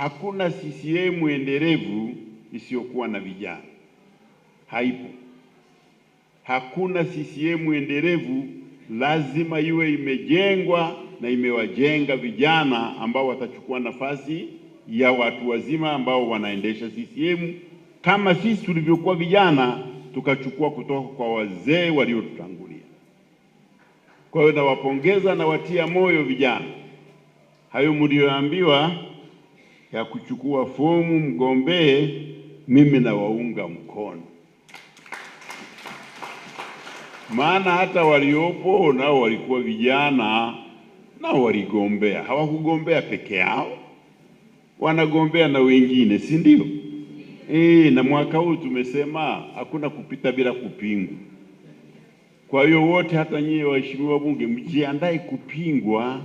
Hakuna CCM endelevu isiyokuwa na vijana, haipo. Hakuna CCM endelevu, lazima iwe imejengwa na imewajenga vijana ambao watachukua nafasi ya watu wazima ambao wanaendesha CCM kama sisi tulivyokuwa vijana tukachukua kutoka kwa wazee waliotutangulia. Kwa hiyo nawapongeza na watia moyo vijana, hayo mlioambiwa ya kuchukua fomu mgombee, mimi nawaunga mkono, maana hata waliopo nao walikuwa vijana, nao waligombea. Hawakugombea peke yao, wanagombea na wengine, si ndio? E, na mwaka huu tumesema hakuna kupita bila kupingwa. Kwa hiyo wote, hata nyie waheshimiwa wabunge, mjiandae kupingwa,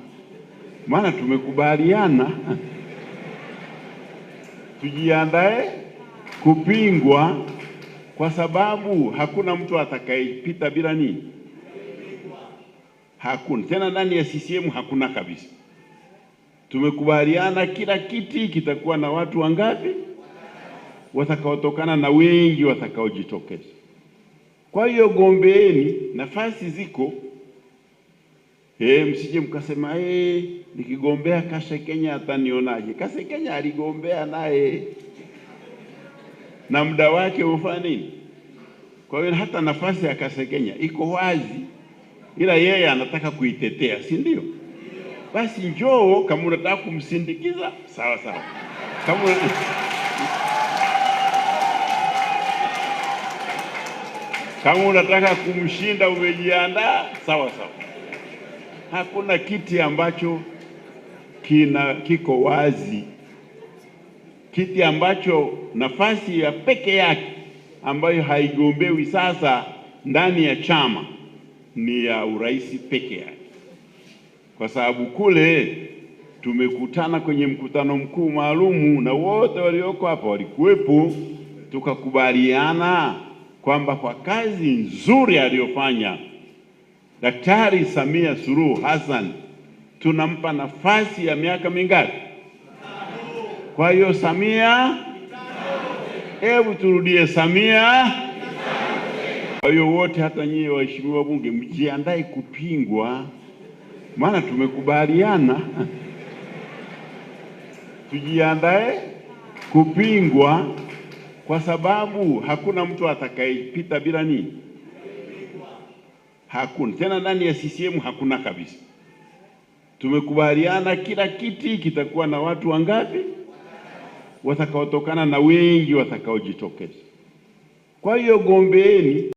maana tumekubaliana tujiandae kupingwa, kwa sababu hakuna mtu atakayepita bila nini. Hakuna tena ndani ya CCM, hakuna kabisa. Tumekubaliana kila kiti kitakuwa na watu wangapi watakaotokana na wengi watakaojitokeza. Kwa hiyo gombeeni, nafasi ziko. He, msije mkasema hey, eh, nikigombea Kasha Kenya atanionaje? Kasha Kenya aligombea naye na muda wake umefanya nini? Kwa hiyo hata nafasi ya Kasha Kenya iko wazi, ila yeye anataka kuitetea, si ndio? Basi njoo kama unataka kumsindikiza, sawa sawa, kama kama unataka kumshinda, umejiandaa, sawa sawa hakuna kiti ambacho kina kiko wazi. Kiti ambacho nafasi ya peke yake ambayo haigombewi sasa ndani ya chama ni ya urais peke yake, kwa sababu kule tumekutana kwenye mkutano mkuu maalumu na wote walioko hapa walikuwepo, tukakubaliana kwamba kwa kazi nzuri aliyofanya Daktari Samia Suluhu Hassan tunampa nafasi ya miaka mingapi? Kwa hiyo Samia, hebu turudie Samia. Kwa hiyo wote, hata nyie waheshimiwa wabunge, mjiandae kupingwa, maana tumekubaliana tujiandae kupingwa, kwa sababu hakuna mtu atakayepita bila nini hakuna tena, ndani ya CCM hakuna kabisa. Tumekubaliana kila kiti kitakuwa na watu wangapi watakaotokana na wengi watakaojitokeza. Kwa hiyo gombeeni.